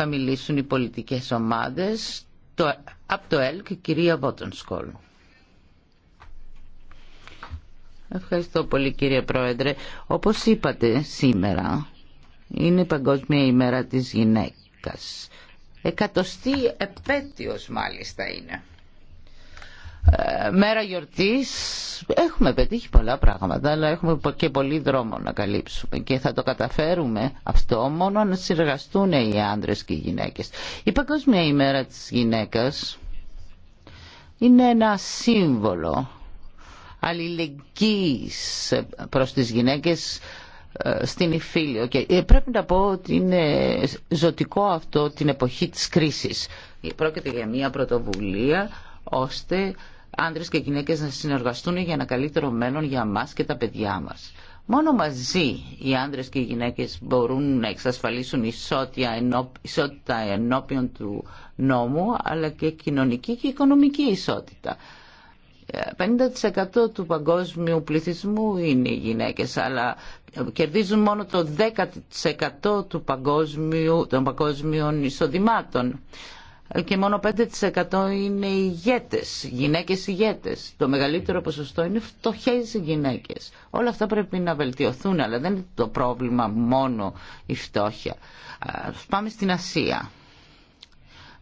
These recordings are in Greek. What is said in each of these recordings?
θα μιλήσουν οι πολιτικές ομάδες το, από το ΕΛΚ, κυρία Βότονσκολ. Ευχαριστώ πολύ κύριε Πρόεδρε. Όπως είπατε σήμερα είναι η Παγκόσμια ημέρα της γυναίκας. Εκατοστή επέτειος μάλιστα είναι. Ε, μέρα γιορτής έχουμε πετύχει πολλά πράγματα αλλά έχουμε και πολύ δρόμο να καλύψουμε και θα το καταφέρουμε αυτό μόνο αν συνεργαστούν οι άντρες και οι γυναίκες. Η Παγκόσμια ημέρα της γυναίκας είναι ένα σύμβολο αλληλεγγύης προς τις γυναίκες ε, στην Ιφίλιο και ε, πρέπει να πω ότι είναι ζωτικό αυτό την εποχή της κρίσης. Πρόκειται για μια πρωτοβουλία ώστε άντρε και γυναίκες να συνεργαστούν για ένα καλύτερο μέλλον για μας και τα παιδιά μας. Μόνο μαζί οι άντρε και οι γυναίκες μπορούν να εξασφαλίσουν ισότητα ενώπιον του νόμου, αλλά και κοινωνική και οικονομική ισότητα. 50% του παγκόσμιου πληθυσμού είναι οι γυναίκες, αλλά κερδίζουν μόνο το 10% του παγκόσμιου, των παγκόσμιων εισοδημάτων και μόνο 5% είναι ηγέτες, γυναίκες ηγέτες. Το μεγαλύτερο ποσοστό είναι φτωχές γυναίκες. Όλα αυτά πρέπει να βελτιωθούν, αλλά δεν είναι το πρόβλημα μόνο η φτώχεια. Πάμε στην Ασία.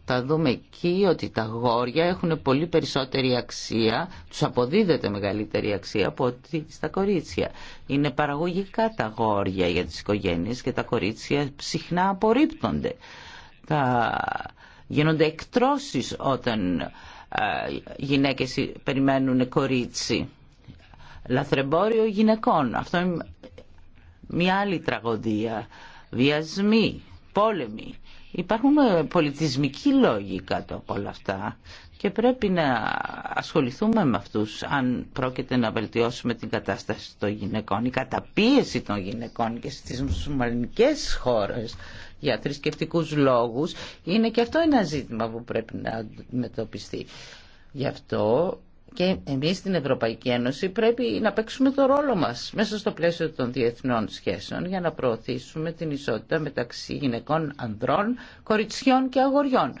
Θα δούμε εκεί ότι τα γόρια έχουν πολύ περισσότερη αξία, τους αποδίδεται μεγαλύτερη αξία από ότι στα κορίτσια. Είναι παραγωγικά τα γόρια για τις οικογένειες και τα κορίτσια συχνά απορρίπτονται. Τα γίνονται εκτρώσεις όταν ε, γυναίκες περιμένουν κορίτσι. Λαθρεμπόριο γυναικών. Αυτό είναι μια άλλη τραγωδία. Βιασμοί, πόλεμοι. Υπάρχουν ε, πολιτισμικοί λόγοι κάτω από όλα αυτά και πρέπει να ασχοληθούμε με αυτούς αν πρόκειται να βελτιώσουμε την κατάσταση των γυναικών. Η καταπίεση των γυναικών και στις μουσουλμανικές χώρες για θρησκευτικού λόγους είναι και αυτό ένα ζήτημα που πρέπει να αντιμετωπιστεί. Γι' αυτό και εμείς στην Ευρωπαϊκή Ένωση πρέπει να παίξουμε το ρόλο μας μέσα στο πλαίσιο των διεθνών σχέσεων για να προωθήσουμε την ισότητα μεταξύ γυναικών, ανδρών, κοριτσιών και αγοριών.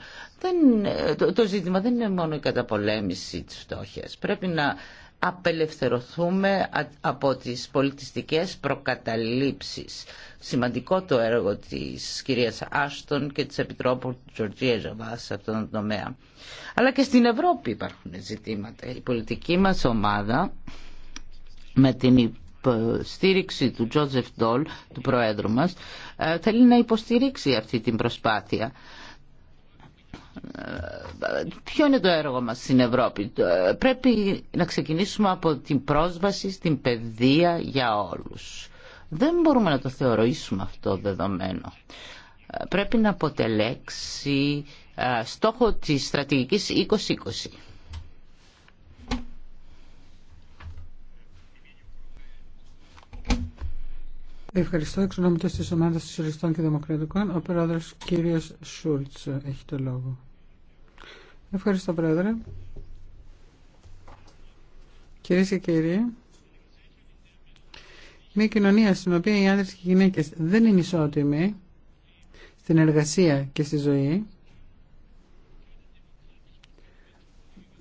το, το ζήτημα δεν είναι μόνο η καταπολέμηση της φτώχειας. Πρέπει να απελευθερωθούμε από τις πολιτιστικές προκαταλήψεις. Σημαντικό το έργο της κυρίας Άστον και της Επιτρόπου Τζορτζία Ζαβά σε αυτόν τον τομέα. Αλλά και στην Ευρώπη υπάρχουν ζητήματα. Η πολιτική μας ομάδα με την στήριξη του Τζόζεφ Ντόλ, του Προέδρου μας, ε, θέλει να υποστηρίξει αυτή την προσπάθεια. Ποιο είναι το έργο μας στην Ευρώπη. Πρέπει να ξεκινήσουμε από την πρόσβαση στην παιδεία για όλους. Δεν μπορούμε να το θεωρήσουμε αυτό δεδομένο. Πρέπει να αποτελέξει στόχο της στρατηγικής 2020. Ευχαριστώ. Εξ της ομάδας Σοσιαλιστών και Δημοκρατικών, ο πρόεδρος κύριος Σούλτς έχει το λόγο. Ευχαριστώ, Πρόεδρε. Κυρίε και κύριοι, μια κοινωνία στην οποία οι άντρες και οι γυναίκες δεν είναι ισότιμοι στην εργασία και στη ζωή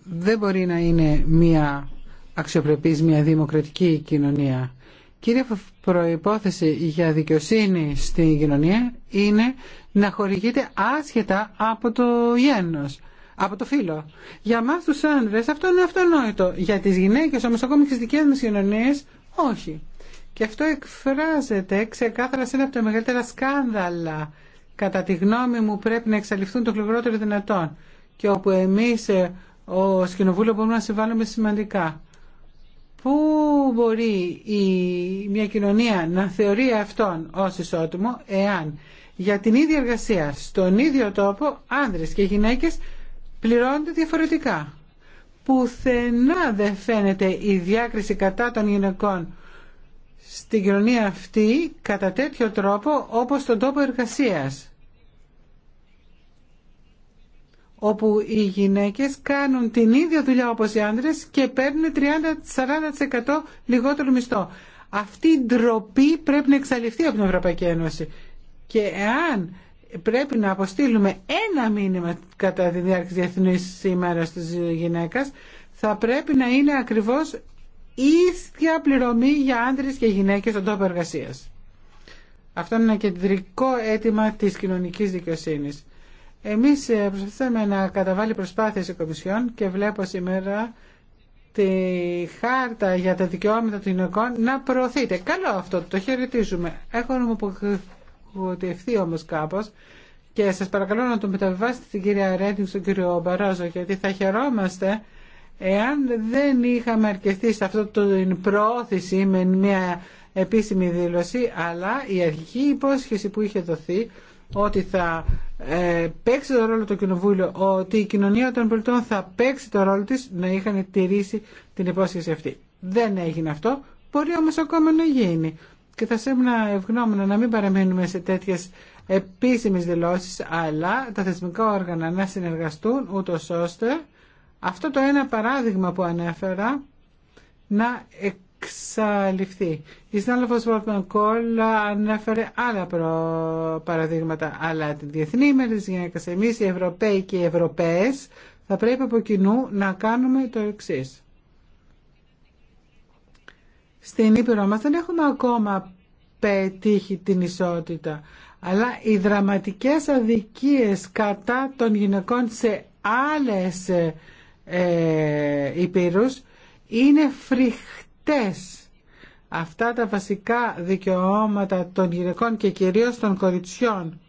δεν μπορεί να είναι μια αξιοπρεπής, μια δημοκρατική κοινωνία. Κύρια προϋπόθεση για δικαιοσύνη στην κοινωνία είναι να χορηγείται άσχετα από το γένος από το φίλο. Για εμά του άνδρες αυτό είναι αυτονόητο. Για τι γυναίκε, όμω ακόμη και στι δικέ μα κοινωνίε, όχι. Και αυτό εκφράζεται ξεκάθαρα σε ένα από τα μεγαλύτερα σκάνδαλα. Κατά τη γνώμη μου πρέπει να εξαλειφθούν το πληγρότερο δυνατόν. Και όπου εμεί ω ε, κοινοβούλιο μπορούμε να συμβάλλουμε σημαντικά. Πού μπορεί η, μια κοινωνία να θεωρεί αυτόν ως ισότιμο εάν για την ίδια εργασία στον ίδιο τόπο άνδρες και γυναίκες πληρώνονται διαφορετικά. Πουθενά δεν φαίνεται η διάκριση κατά των γυναικών στην κοινωνία αυτή κατά τέτοιο τρόπο όπως στον τόπο εργασίας όπου οι γυναίκες κάνουν την ίδια δουλειά όπως οι άντρες και παίρνουν 30-40% λιγότερο μισθό. Αυτή η ντροπή πρέπει να εξαλειφθεί από την Ευρωπαϊκή Ένωση. Και εάν πρέπει να αποστείλουμε ένα μήνυμα κατά τη διάρκεια διεθνής σήμερα της γυναίκας θα πρέπει να είναι ακριβώς ίσια πληρωμή για άντρες και γυναίκες στον τόπο εργασία. Αυτό είναι ένα κεντρικό αίτημα της κοινωνικής δικαιοσύνης. Εμείς ε, προσπαθήσαμε να καταβάλει προσπάθειες η Κομισιόν και βλέπω σήμερα τη χάρτα για τα δικαιώματα των γυναικών να προωθείται. Καλό αυτό, το χαιρετίζουμε ευθύ όμω κάπω, και σα παρακαλώ να το μεταβιβάσετε στην κυρία Ρέντινγκ, στον κύριο Μπαρόζο, γιατί θα χαιρόμαστε εάν δεν είχαμε αρκεστεί σε αυτό την προώθηση με μια επίσημη δήλωση, αλλά η αρχική υπόσχεση που είχε δοθεί ότι θα ε, παίξει το ρόλο το κοινοβούλιο, ότι η κοινωνία των πολιτών θα παίξει το ρόλο της να είχαν τηρήσει την υπόσχεση αυτή. Δεν έγινε αυτό, μπορεί όμως ακόμα να γίνει και θα ήμουν ευγνώμονα να μην παραμένουμε σε τέτοιες επίσημες δηλώσεις, αλλά τα θεσμικά όργανα να συνεργαστούν ούτω ώστε αυτό το ένα παράδειγμα που ανέφερα να εξαλειφθεί. Η συνάδελφος Βόρτμαν Κόλ ανέφερε άλλα παραδείγματα, αλλά τη Διεθνή ημέρα της γυναίκας, εμείς οι Ευρωπαίοι και οι Ευρωπαίες θα πρέπει από κοινού να κάνουμε το εξής στην Ήπειρο μας δεν έχουμε ακόμα πετύχει την ισότητα. Αλλά οι δραματικές αδικίες κατά των γυναικών σε άλλες ε, ε είναι φρικτές. Αυτά τα βασικά δικαιώματα των γυναικών και κυρίως των κοριτσιών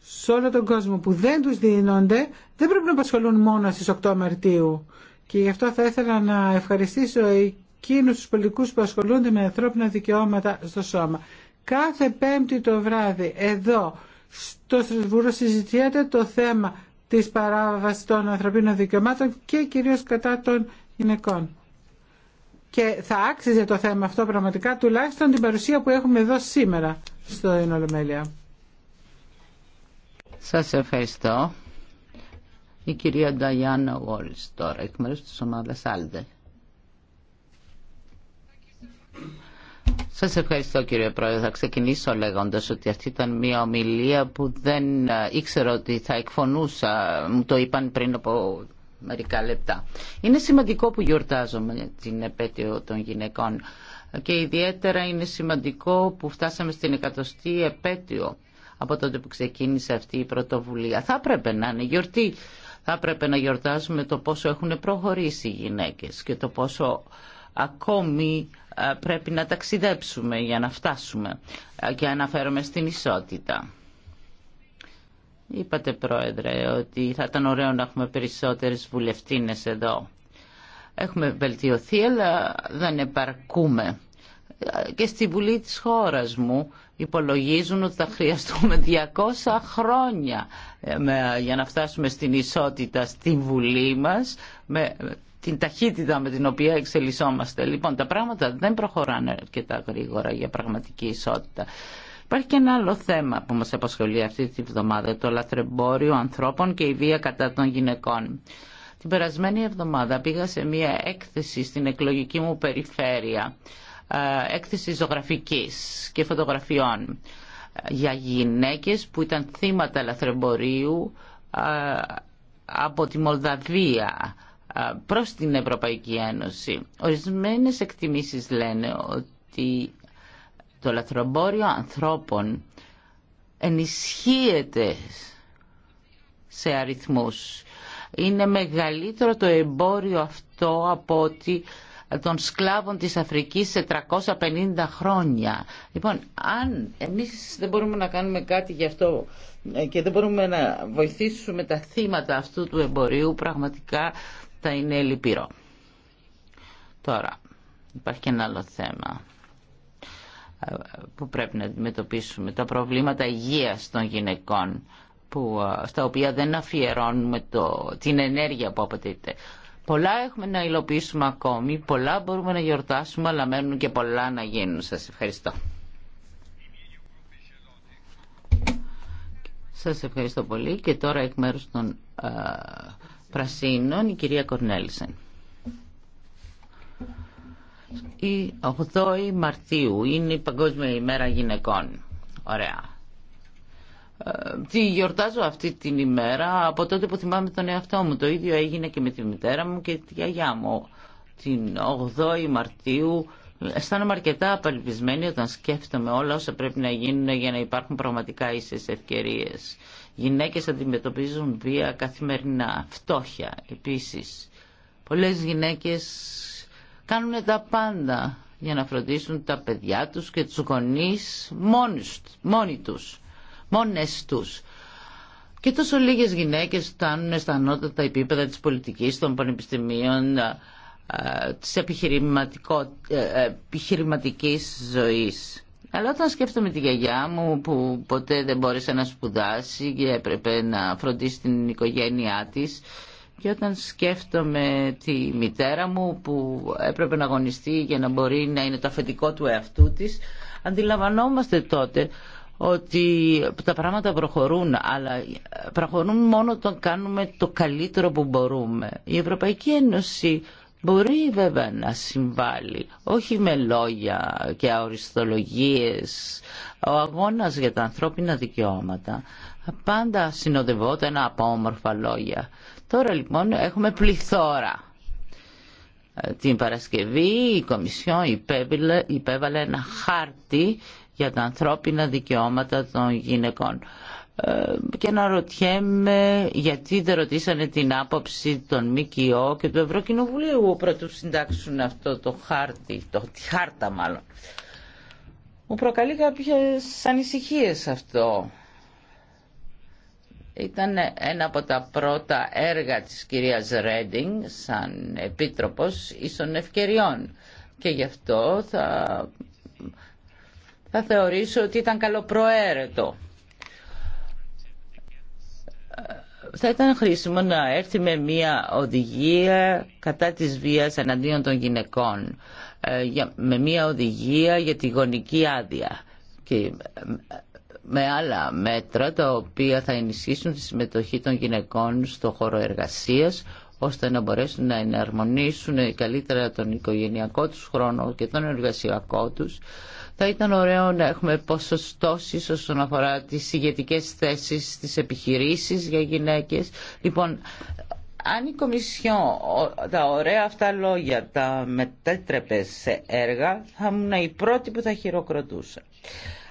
σε όλο τον κόσμο που δεν τους δίνονται δεν πρέπει να απασχολούν μόνο στις 8 Μαρτίου. Και γι' αυτό θα ήθελα να ευχαριστήσω εκείνους τους πολιτικούς που ασχολούνται με ανθρώπινα δικαιώματα στο σώμα. Κάθε πέμπτη το βράδυ εδώ στο Στρασβούργο συζητιέται το θέμα της παράβασης των ανθρωπίνων δικαιωμάτων και κυρίως κατά των γυναικών. Και θα άξιζε το θέμα αυτό πραγματικά τουλάχιστον την παρουσία που έχουμε εδώ σήμερα στο Ινολομέλεια. Σας ευχαριστώ. Η κυρία Νταϊάννα Γόλης τώρα εκ μέρους της ομάδας Άλντε. Σας ευχαριστώ κύριε Πρόεδρε. Θα ξεκινήσω λέγοντας ότι αυτή ήταν μια ομιλία που δεν ε, ήξερα ότι θα εκφωνούσα. Μου το είπαν πριν από μερικά λεπτά. Είναι σημαντικό που γιορτάζουμε την επέτειο των γυναικών και ιδιαίτερα είναι σημαντικό που φτάσαμε στην εκατοστή επέτειο από τότε που ξεκίνησε αυτή η πρωτοβουλία. Θα έπρεπε να είναι γιορτή. Θα έπρεπε να γιορτάζουμε το πόσο έχουν προχωρήσει οι γυναίκες και το πόσο ακόμη ε, πρέπει να ταξιδέψουμε για να φτάσουμε ε, και αναφέρομαι στην ισότητα. Είπατε πρόεδρε ότι θα ήταν ωραίο να έχουμε περισσότερες βουλευτίνες εδώ. Έχουμε βελτιωθεί αλλά δεν επαρκούμε. Και στη Βουλή της χώρας μου υπολογίζουν ότι θα χρειαστούμε 200 χρόνια ε, για να φτάσουμε στην ισότητα στη Βουλή μας με την ταχύτητα με την οποία εξελισσόμαστε. Λοιπόν, τα πράγματα δεν προχωράνε αρκετά γρήγορα για πραγματική ισότητα. Υπάρχει και ένα άλλο θέμα που μας απασχολεί αυτή τη βδομάδα, το λαθρεμπόριο ανθρώπων και η βία κατά των γυναικών. Την περασμένη εβδομάδα πήγα σε μία έκθεση στην εκλογική μου περιφέρεια, ε, έκθεση ζωγραφικής και φωτογραφιών ε, για γυναίκες που ήταν θύματα λαθρεμπορίου ε, από τη Μολδαβία προς την Ευρωπαϊκή Ένωση. Ορισμένες εκτιμήσεις λένε ότι το λαθρομπόριο ανθρώπων ενισχύεται σε αριθμούς. Είναι μεγαλύτερο το εμπόριο αυτό από ότι των σκλάβων της Αφρικής σε 350 χρόνια. Λοιπόν, αν εμείς δεν μπορούμε να κάνουμε κάτι γι' αυτό ε, και δεν μπορούμε να βοηθήσουμε τα θύματα αυτού του εμπορίου, πραγματικά θα είναι λυπηρό. Τώρα, υπάρχει και ένα άλλο θέμα ε, που πρέπει να αντιμετωπίσουμε. Τα προβλήματα υγείας των γυναικών που, ε, στα οποία δεν αφιερώνουμε το, την ενέργεια που απαιτείται. Πολλά έχουμε να υλοποιήσουμε ακόμη, πολλά μπορούμε να γιορτάσουμε, αλλά μένουν και πολλά να γίνουν. Σας ευχαριστώ. Σας ευχαριστώ πολύ και τώρα εκ μέρους των ε, Πρασίνων, η κυρία Κορνέλισεν. Η 8η Μαρτίου είναι η Παγκόσμια ημέρα γυναικών. Ωραία. Ε, τη γιορτάζω αυτή την ημέρα από τότε που θυμάμαι τον εαυτό μου. Το ίδιο έγινε και με τη μητέρα μου και τη γιαγιά μου. Την 8η Μαρτίου Αισθάνομαι αρκετά απελπισμένη όταν σκέφτομαι όλα όσα πρέπει να γίνουν για να υπάρχουν πραγματικά ίσες ευκαιρίες. Γυναίκες αντιμετωπίζουν βία καθημερινά, φτώχεια επίσης. Πολλές γυναίκες κάνουν τα πάντα για να φροντίσουν τα παιδιά τους και τους γονείς μόνοι τους, μόνες τους. Και τόσο λίγες γυναίκες φτάνουν στα ανώτατα επίπεδα της πολιτικής των πανεπιστημίων, ε, της ε, ε, επιχειρηματικής ζωής. Αλλά όταν σκέφτομαι τη γιαγιά μου που ποτέ δεν μπόρεσε να σπουδάσει και έπρεπε να φροντίσει την οικογένειά της και όταν σκέφτομαι τη μητέρα μου που έπρεπε να αγωνιστεί για να μπορεί να είναι το αφεντικό του εαυτού της αντιλαμβανόμαστε τότε ότι τα πράγματα προχωρούν αλλά προχωρούν μόνο όταν κάνουμε το καλύτερο που μπορούμε. Η Ευρωπαϊκή Ένωση Μπορεί βέβαια να συμβάλλει, όχι με λόγια και αοριστολογίες. Ο αγώνας για τα ανθρώπινα δικαιώματα πάντα συνοδευόταν από όμορφα λόγια. Τώρα λοιπόν έχουμε πληθώρα. Ε, την Παρασκευή η Κομισιόν υπέβαλε ένα χάρτη για τα ανθρώπινα δικαιώματα των γυναικών. Ε, και να ρωτιέμαι γιατί δεν ρωτήσανε την άποψη των ΜΚΟ και του Ευρωκοινοβουλίου πρώτου συντάξουν αυτό το χάρτη, το, τη χάρτα μάλλον. Μου προκαλεί κάποιες ανησυχίες αυτό. Ήταν ένα από τα πρώτα έργα της κυρίας Ρέντινγκ σαν επίτροπος ίσων ευκαιριών και γι' αυτό θα, θα θεωρήσω ότι ήταν καλοπροαίρετο θα ήταν χρήσιμο να έρθει με μια οδηγία κατά της βίας εναντίον των γυναικών, ε, με μια οδηγία για τη γονική άδεια και ε, με άλλα μέτρα τα οποία θα ενισχύσουν τη συμμετοχή των γυναικών στο χώρο εργασίας ώστε να μπορέσουν να εναρμονίσουν καλύτερα τον οικογενειακό τους χρόνο και τον εργασιακό τους θα ήταν ωραίο να έχουμε ποσοστώσεις όσον αφορά τις ηγετικέ θέσεις στις επιχειρήσεις για γυναίκες. Λοιπόν, αν η Κομισιόν τα ωραία αυτά λόγια τα μετέτρεπε σε έργα, θα ήμουν η πρώτη που θα χειροκροτούσα.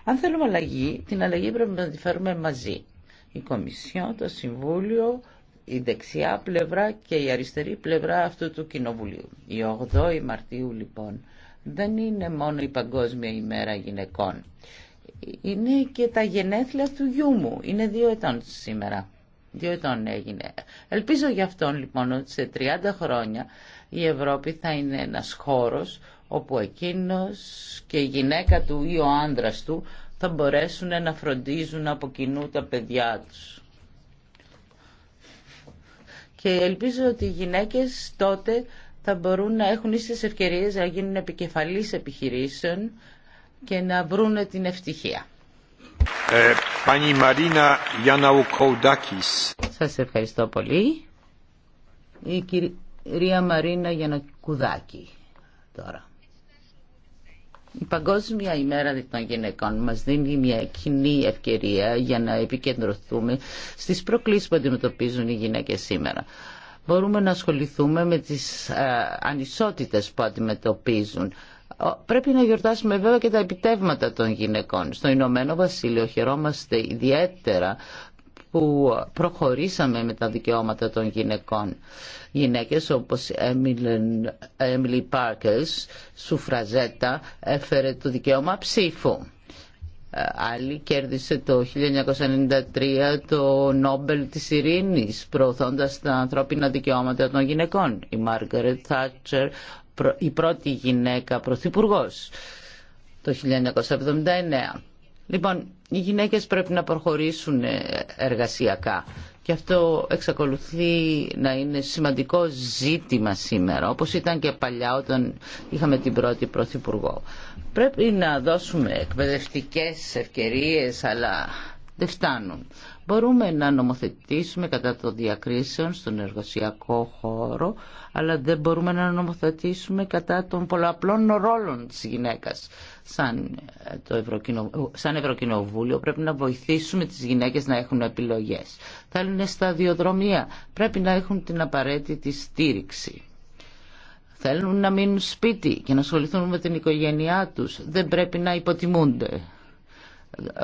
Αν θέλουμε αλλαγή, την αλλαγή πρέπει να τη φέρουμε μαζί. Η Κομισιόν, το Συμβούλιο, η δεξιά πλευρά και η αριστερή πλευρά αυτού του Κοινοβουλίου. Η 8η Μαρτίου λοιπόν δεν είναι μόνο η Παγκόσμια ημέρα γυναικών. Είναι και τα γενέθλια του γιού μου. Είναι δύο ετών σήμερα. Δύο ετών έγινε. Ελπίζω γι' αυτόν λοιπόν ότι σε 30 χρόνια η Ευρώπη θα είναι ένας χώρος όπου εκείνος και η γυναίκα του ή ο άντρας του θα μπορέσουν να φροντίζουν από κοινού τα παιδιά τους. Και ελπίζω ότι οι γυναίκες τότε θα μπορούν να έχουν ίσες ευκαιρίες να γίνουν επικεφαλής επιχειρήσεων και να βρουν την ευτυχία. Ε, Σας ευχαριστώ πολύ. Η κυρία Μαρίνα Γιαννακουδάκη τώρα. Η Παγκόσμια ημέρα των γυναικών μας δίνει μια κοινή ευκαιρία για να επικεντρωθούμε στις προκλήσεις που αντιμετωπίζουν οι γυναίκες σήμερα μπορούμε να ασχοληθούμε με τις ε, ανισότητες που αντιμετωπίζουν. Πρέπει να γιορτάσουμε βέβαια και τα επιτεύγματα των γυναικών. Στο Ηνωμένο Βασίλειο χαιρόμαστε ιδιαίτερα που προχωρήσαμε με τα δικαιώματα των γυναικών. Γυναίκες όπως Emily Parkers, σουφραζέτα, έφερε το δικαίωμα ψήφου άλλη κέρδισε το 1993 το Νόμπελ της Ειρήνης προωθώντας τα ανθρώπινα δικαιώματα των γυναικών. Η Μάργαρετ Θάτσερ, η πρώτη γυναίκα πρωθυπουργός, το 1979. Λοιπόν, οι γυναίκες πρέπει να προχωρήσουν ε, εργασιακά και αυτό εξακολουθεί να είναι σημαντικό ζήτημα σήμερα, όπως ήταν και παλιά όταν είχαμε την πρώτη Πρωθυπουργό. Πρέπει να δώσουμε εκπαιδευτικές ευκαιρίες, αλλά δεν φτάνουν. Μπορούμε να νομοθετήσουμε κατά το διακρίσεων στον εργασιακό χώρο, αλλά δεν μπορούμε να νομοθετήσουμε κατά των πολλαπλών ρόλων της γυναίκας. Σαν, ε, το σαν Ευρωκοινοβούλιο πρέπει να βοηθήσουμε τις γυναίκες να έχουν επιλογές. Θέλουν σταδιοδρομία, πρέπει να έχουν την απαραίτητη στήριξη. Θέλουν να μείνουν σπίτι και να ασχοληθούν με την οικογένειά τους. Δεν πρέπει να υποτιμούνται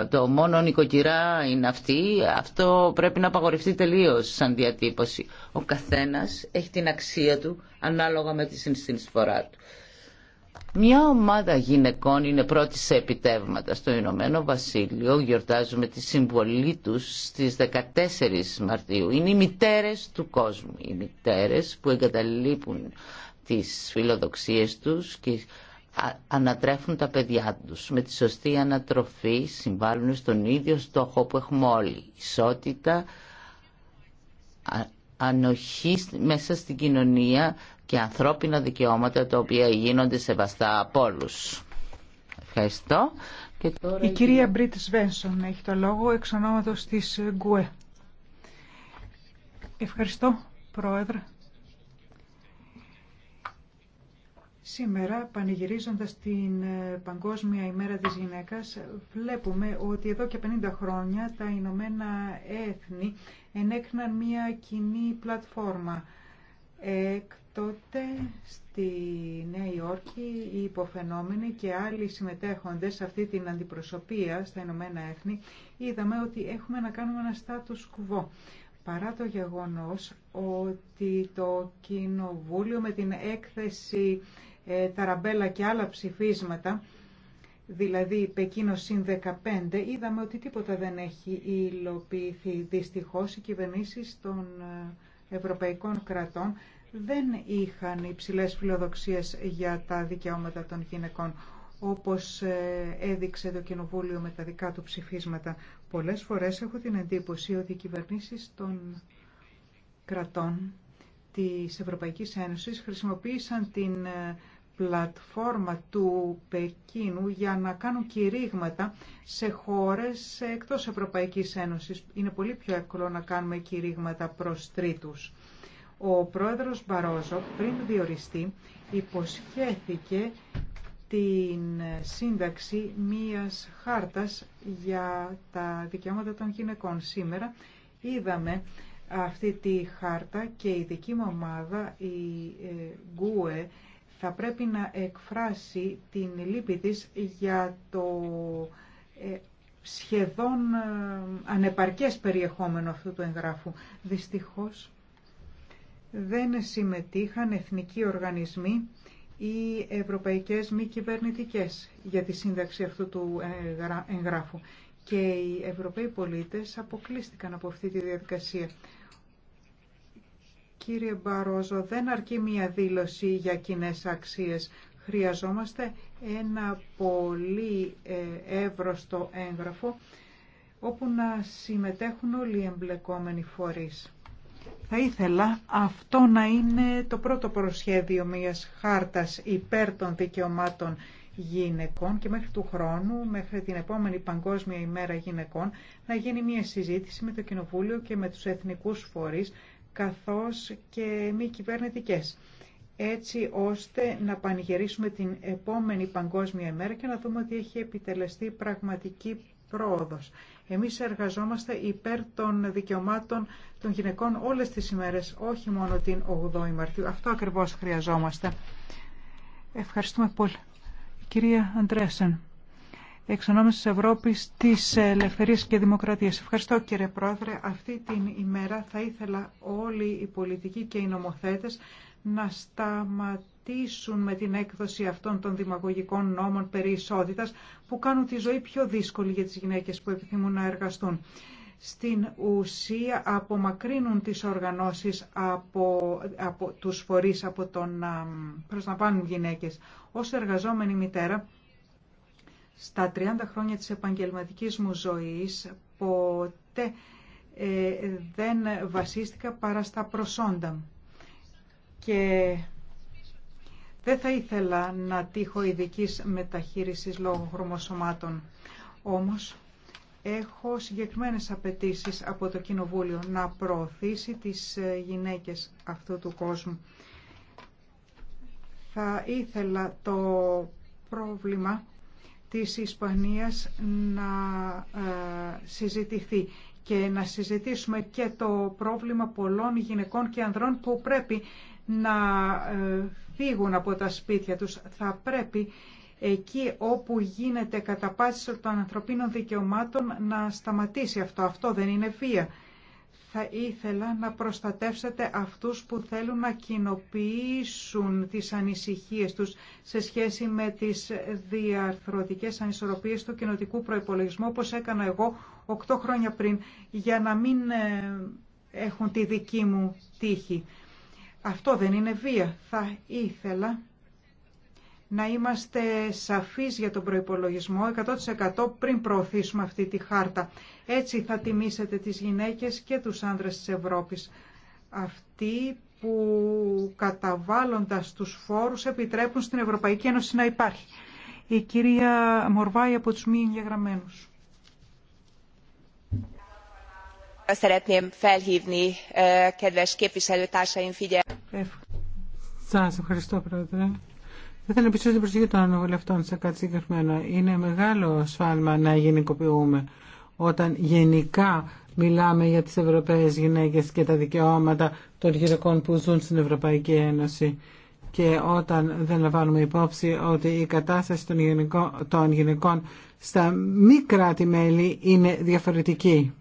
το μόνο νοικοκυρά είναι αυτή, αυτό πρέπει να απαγορευτεί τελείω σαν διατύπωση. Ο καθένας έχει την αξία του ανάλογα με τη συνεισφορά του. Μια ομάδα γυναικών είναι πρώτη σε επιτεύγματα στο Ηνωμένο Βασίλειο. Γιορτάζουμε τη συμβολή τους στις 14 Μαρτίου. Είναι οι μητέρες του κόσμου. Οι μητέρες που εγκαταλείπουν τις φιλοδοξίες τους ανατρέφουν τα παιδιά τους. Με τη σωστή ανατροφή συμβάλλουν στον ίδιο στόχο που έχουμε όλοι. Ισότητα, ανοχή μέσα στην κοινωνία και ανθρώπινα δικαιώματα τα οποία γίνονται σεβαστά από όλους. Ευχαριστώ. Και τώρα... Η κυρία Μπρίτ Σβένσον έχει το λόγο εξ ονόματος της ΓΚΟΕ. Ευχαριστώ, Πρόεδρε. Σήμερα, πανηγυρίζοντας την ε, Παγκόσμια ημέρα της γυναίκας, βλέπουμε ότι εδώ και 50 χρόνια τα Ηνωμένα Έθνη ενέκναν μια κοινή πλατφόρμα. Εκτότε στη Νέα Υόρκη οι υποφαινόμενοι και άλλοι συμμετέχοντες σε αυτή την αντιπροσωπεία στα Ηνωμένα Έθνη είδαμε ότι έχουμε να κάνουμε ένα status κουβό. παρά το γεγονός ότι το Κοινοβούλιο με την έκθεση ε, ταραμπέλα και άλλα ψηφίσματα, δηλαδή Πεκίνο συν 15, είδαμε ότι τίποτα δεν έχει υλοποιηθεί. Δυστυχώς οι κυβερνήσεις των ε, ευρωπαϊκών κρατών δεν είχαν υψηλέ φιλοδοξίες για τα δικαιώματα των γυναικών όπως ε, έδειξε το Κοινοβούλιο με τα δικά του ψηφίσματα. Πολλές φορές έχω την εντύπωση ότι οι κυβερνήσεις των κρατών της Ευρωπαϊκής Ένωσης χρησιμοποίησαν την πλατφόρμα του Πεκίνου για να κάνουν κηρύγματα σε χώρες εκτός Ευρωπαϊκής Ένωσης. Είναι πολύ πιο εύκολο να κάνουμε κηρύγματα προς τρίτους. Ο πρόεδρος Μπαρόζο πριν διοριστεί υποσχέθηκε την σύνταξη μίας χάρτας για τα δικαιώματα των γυναικών. Σήμερα είδαμε αυτή τη χάρτα και η δική μου ομάδα, η ε, Γκούε, θα πρέπει να εκφράσει την λύπη της για το ε, σχεδόν ε, ανεπαρκές περιεχόμενο αυτού του εγγράφου. Δυστυχώς δεν συμμετείχαν εθνικοί οργανισμοί ή ευρωπαϊκές μη κυβερνητικές για τη σύνταξη αυτού του εγγράφου και οι ευρωπαίοι πολίτες αποκλείστηκαν από αυτή τη διαδικασία. Κύριε Μπαρόζο, δεν αρκεί μία δήλωση για κοινέ αξίες. Χρειαζόμαστε ένα πολύ ε, εύρωστο έγγραφο όπου να συμμετέχουν όλοι οι εμπλεκόμενοι φορείς. Θα ήθελα αυτό να είναι το πρώτο προσχέδιο μιας χάρτας υπέρ των δικαιωμάτων γυναικών και μέχρι του χρόνου, μέχρι την επόμενη Παγκόσμια ημέρα γυναικών, να γίνει μια συζήτηση με το Κοινοβούλιο και με τους εθνικούς φορείς καθώς και μη κυβερνητικέ. έτσι ώστε να πανηγυρίσουμε την επόμενη παγκόσμια ημέρα και να δούμε ότι έχει επιτελεστεί πραγματική πρόοδος. Εμείς εργαζόμαστε υπέρ των δικαιωμάτων των γυναικών όλες τις ημέρες, όχι μόνο την 8η Μαρτίου. Αυτό ακριβώς χρειαζόμαστε. Ευχαριστούμε πολύ. Κυρία Αντρέσεν εξ ονόμης της Ευρώπης της Ελευθερίας και Δημοκρατίας. Ευχαριστώ κύριε Πρόεδρε. Αυτή την ημέρα θα ήθελα όλοι οι πολιτικοί και οι νομοθέτες να σταματήσουν με την έκδοση αυτών των δημαγωγικών νόμων περί ισότητας που κάνουν τη ζωή πιο δύσκολη για τις γυναίκες που επιθυμούν να εργαστούν. Στην ουσία απομακρύνουν τις οργανώσεις από, τους φορείς από να προσλαμβάνουν γυναίκες. Ως εργαζόμενη μητέρα στα 30 χρόνια της επαγγελματικής μου ζωής ποτέ ε, δεν βασίστηκα παρά στα προσόντα και δεν θα ήθελα να τύχω ειδική μεταχείρισης λόγω χρωμοσωμάτων. Όμως έχω συγκεκριμένες απαιτήσει από το Κοινοβούλιο να προωθήσει τις ε, γυναίκες αυτού του κόσμου. Θα ήθελα το πρόβλημα της Ισπανίας να ε, συζητηθεί και να συζητήσουμε και το πρόβλημα πολλών γυναικών και ανδρών που πρέπει να ε, φύγουν από τα σπίτια τους. Θα πρέπει εκεί όπου γίνεται καταπάτηση των ανθρωπίνων δικαιωμάτων να σταματήσει αυτό. Αυτό δεν είναι βία θα ήθελα να προστατεύσετε αυτούς που θέλουν να κοινοποιήσουν τις ανησυχίες τους σε σχέση με τις διαρθρωτικές ανισορροπίες του κοινοτικού προϋπολογισμού, όπως έκανα εγώ 8 χρόνια πριν, για να μην ε, έχουν τη δική μου τύχη. Αυτό δεν είναι βία. Θα ήθελα να είμαστε σαφείς για τον προϋπολογισμό 100% πριν προωθήσουμε αυτή τη χάρτα. Έτσι θα τιμήσετε τις γυναίκες και τους άνδρες της Ευρώπης. Αυτοί που καταβάλλοντας τους φόρους επιτρέπουν στην Ευρωπαϊκή Ένωση να υπάρχει. Η κυρία Μορβάη από τους μη εγγεγραμμένους. Eh, Σας ευχαριστώ, Πρόεδρε. Θα ήθελα να πιστώ την προσοχή των βουλευτών σε κάτι συγκεκριμένο. Είναι μεγάλο σφάλμα να γενικοποιούμε όταν γενικά μιλάμε για τις Ευρωπαίες γυναίκες και τα δικαιώματα των γυναικών που ζουν στην Ευρωπαϊκή Ένωση και όταν δεν λαμβάνουμε υπόψη ότι η κατάσταση των, γυναικών, των γυναικών στα μη κράτη-μέλη είναι διαφορετική.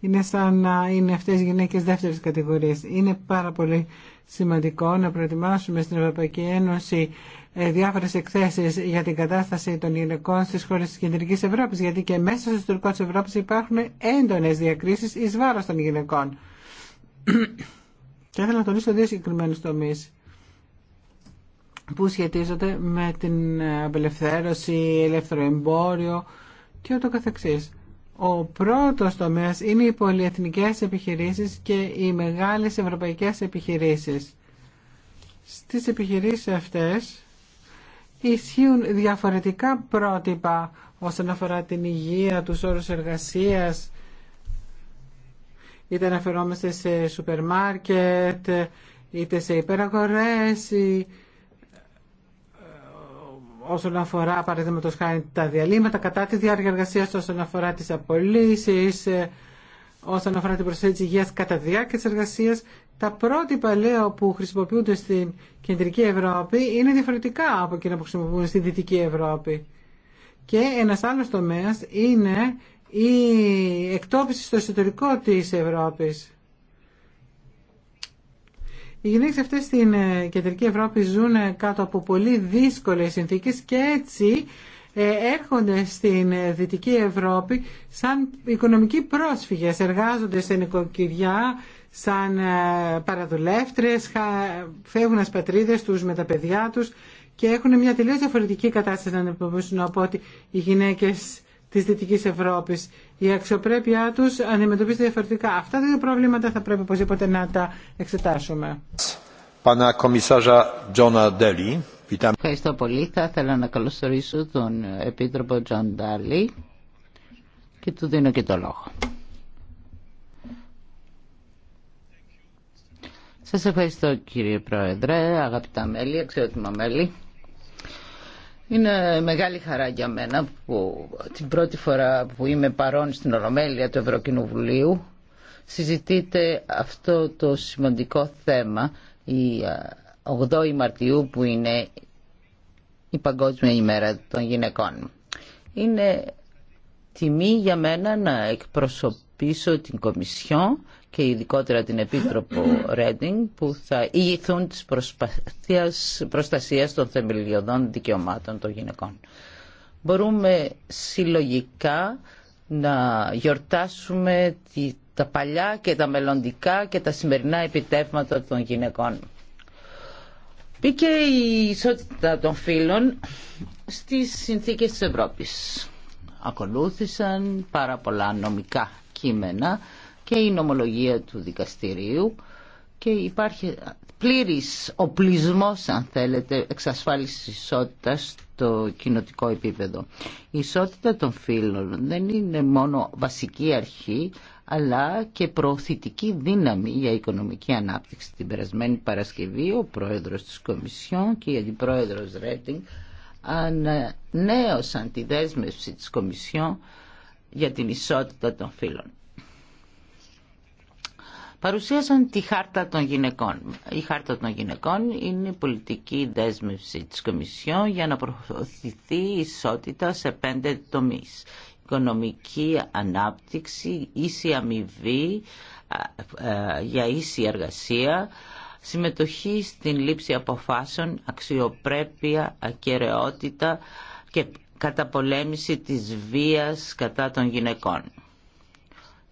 Είναι σαν να είναι αυτές οι γυναίκες δεύτερης κατηγορίας. Είναι πάρα πολύ σημαντικό να προετοιμάσουμε στην Ευρωπαϊκή Ένωση ε, διάφορες εκθέσεις για την κατάσταση των γυναικών στις χώρες της Κεντρικής Ευρώπης, γιατί και μέσα στο τουρκό της Ευρώπης υπάρχουν έντονες διακρίσεις εις βάρος των γυναικών. Και ήθελα να τονίσω δύο συγκεκριμένου τομεί που σχετίζονται με την απελευθέρωση, ελεύθερο εμπόριο και ούτω καθεξής. Ο πρώτος τομέας είναι οι πολυεθνικές επιχειρήσεις και οι μεγάλες ευρωπαϊκές επιχειρήσεις. Στις επιχειρήσεις αυτές ισχύουν διαφορετικά πρότυπα όσον αφορά την υγεία, τους όρους εργασίας, είτε αναφερόμαστε σε σούπερ μάρκετ, είτε σε υπεραγορές, όσον αφορά παραδείγματο χάρη τα διαλύματα, κατά τη διάρκεια εργασία όσον αφορά τι απολύσεις, ε, όσον αφορά την προσέγγιση κατά τη διάρκεια τη εργασίας. Τα πρώτη λέω, που χρησιμοποιούνται στην Κεντρική Ευρώπη είναι διαφορετικά από εκείνα που χρησιμοποιούνται στη Δυτική Ευρώπη. Και ένας άλλο τομέα είναι η εκτόπιση στο εσωτερικό τη Ευρώπη. Οι γυναίκε αυτέ στην ε, κεντρική Ευρώπη ζουν ε, κάτω από πολύ δύσκολε συνθήκε και έτσι ε, έρχονται στην Δυτική Ευρώπη σαν οικονομικοί πρόσφυγες, εργάζονται σε νοικοκυριά, σαν παραδουλεύτρες, φεύγουν στις πατρίδες τους με τα παιδιά τους και έχουν μια τελείως διαφορετική κατάσταση να αντιμετωπίσουν από ότι οι γυναίκες της Δυτικής Ευρώπης. Η αξιοπρέπειά τους αντιμετωπίζεται διαφορετικά. Αυτά τα δύο προβλήματα θα πρέπει οπωσδήποτε να τα εξετάσουμε. Ευχαριστώ πολύ. Θα ήθελα να καλωσορίσω τον Επίτροπο Τζον Ντάλι και του δίνω και το λόγο. Σας ευχαριστώ κύριε Πρόεδρε, αγαπητά μέλη, αξιότιμα μέλη. Είναι μεγάλη χαρά για μένα που την πρώτη φορά που είμαι παρόν στην Ολομέλεια του Ευρωκοινοβουλίου συζητείται αυτό το σημαντικό θέμα η 8η Μαρτιού που είναι η Παγκόσμια ημέρα των γυναικών. Είναι τιμή για μένα να εκπροσωπώ πίσω την Κομισιό και ειδικότερα την Επίτροπο Ρέντινγκ που θα ηγηθούν της προσπαθίας προστασίας των θεμελιωδών δικαιωμάτων των γυναικών. Μπορούμε συλλογικά να γιορτάσουμε τα παλιά και τα μελλοντικά και τα σημερινά επιτεύγματα των γυναικών. Πήκε η ισότητα των φίλων στις συνθήκες της Ευρώπης. Ακολούθησαν πάρα πολλά νομικά κείμενα και η νομολογία του δικαστηρίου και υπάρχει πλήρης οπλισμός, αν θέλετε, εξασφάλισης ισότητας στο κοινοτικό επίπεδο. Η ισότητα των φύλων δεν είναι μόνο βασική αρχή, αλλά και προωθητική δύναμη για οικονομική ανάπτυξη. Την περασμένη Παρασκευή ο πρόεδρος της Κομισιόν και η αντιπρόεδρος Ρέτινγκ ανανέωσαν τη δέσμευση της Κομισιόν για την ισότητα των φύλων. Παρουσίασαν τη χάρτα των γυναικών. Η χάρτα των γυναικών είναι η πολιτική δέσμευση της Κομισιόν για να προωθηθεί η ισότητα σε πέντε τομείς. Οικονομική ανάπτυξη, ίση αμοιβή ε, ε, για ίση εργασία, συμμετοχή στην λήψη αποφάσεων, αξιοπρέπεια, ακαιρεότητα και καταπολέμηση της βίας κατά των γυναικών.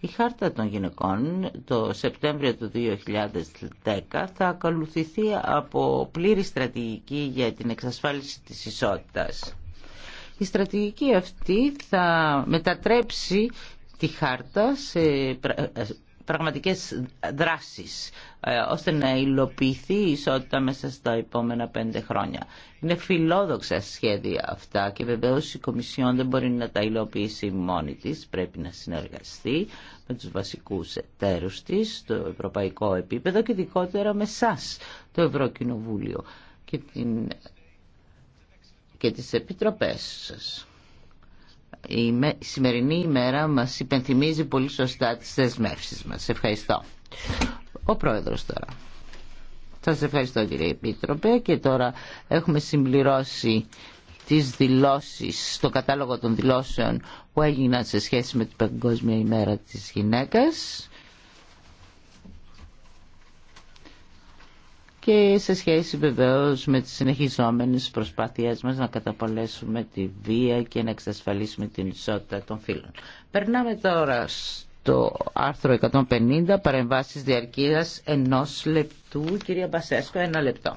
Η χάρτα των γυναικών το Σεπτέμβριο του 2010 θα ακολουθηθεί από πλήρη στρατηγική για την εξασφάλιση της ισότητας. Η στρατηγική αυτή θα μετατρέψει τη χάρτα σε πραγματικές δράσεις ε, ώστε να υλοποιηθεί η ισότητα μέσα στα επόμενα πέντε χρόνια. Είναι φιλόδοξα σχέδια αυτά και βεβαίως η Κομισιόν δεν μπορεί να τα υλοποιήσει μόνη της. Πρέπει να συνεργαστεί με τους βασικούς εταίρους της στο ευρωπαϊκό επίπεδο και ειδικότερα με εσά το Ευρωκοινοβούλιο και, την... και τις επιτροπές σας η σημερινή ημέρα μας υπενθυμίζει πολύ σωστά τις θεσμεύσεις μας. Ευχαριστώ. Ο Πρόεδρος τώρα. Σας ευχαριστώ κύριε Επίτροπε και τώρα έχουμε συμπληρώσει τις δηλώσεις, το κατάλογο των δηλώσεων που έγιναν σε σχέση με την Παγκόσμια ημέρα της γυναίκας. και σε σχέση βεβαίως με τις συνεχιζόμενες προσπάθειές μας να καταπολέσουμε τη βία και να εξασφαλίσουμε την ισότητα των φύλων. Περνάμε τώρα στο άρθρο 150 παρεμβάσεις διαρκείας ενός λεπτού. Κυρία Μπασέσκο, ένα λεπτό.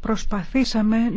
Προσπαθήσαμε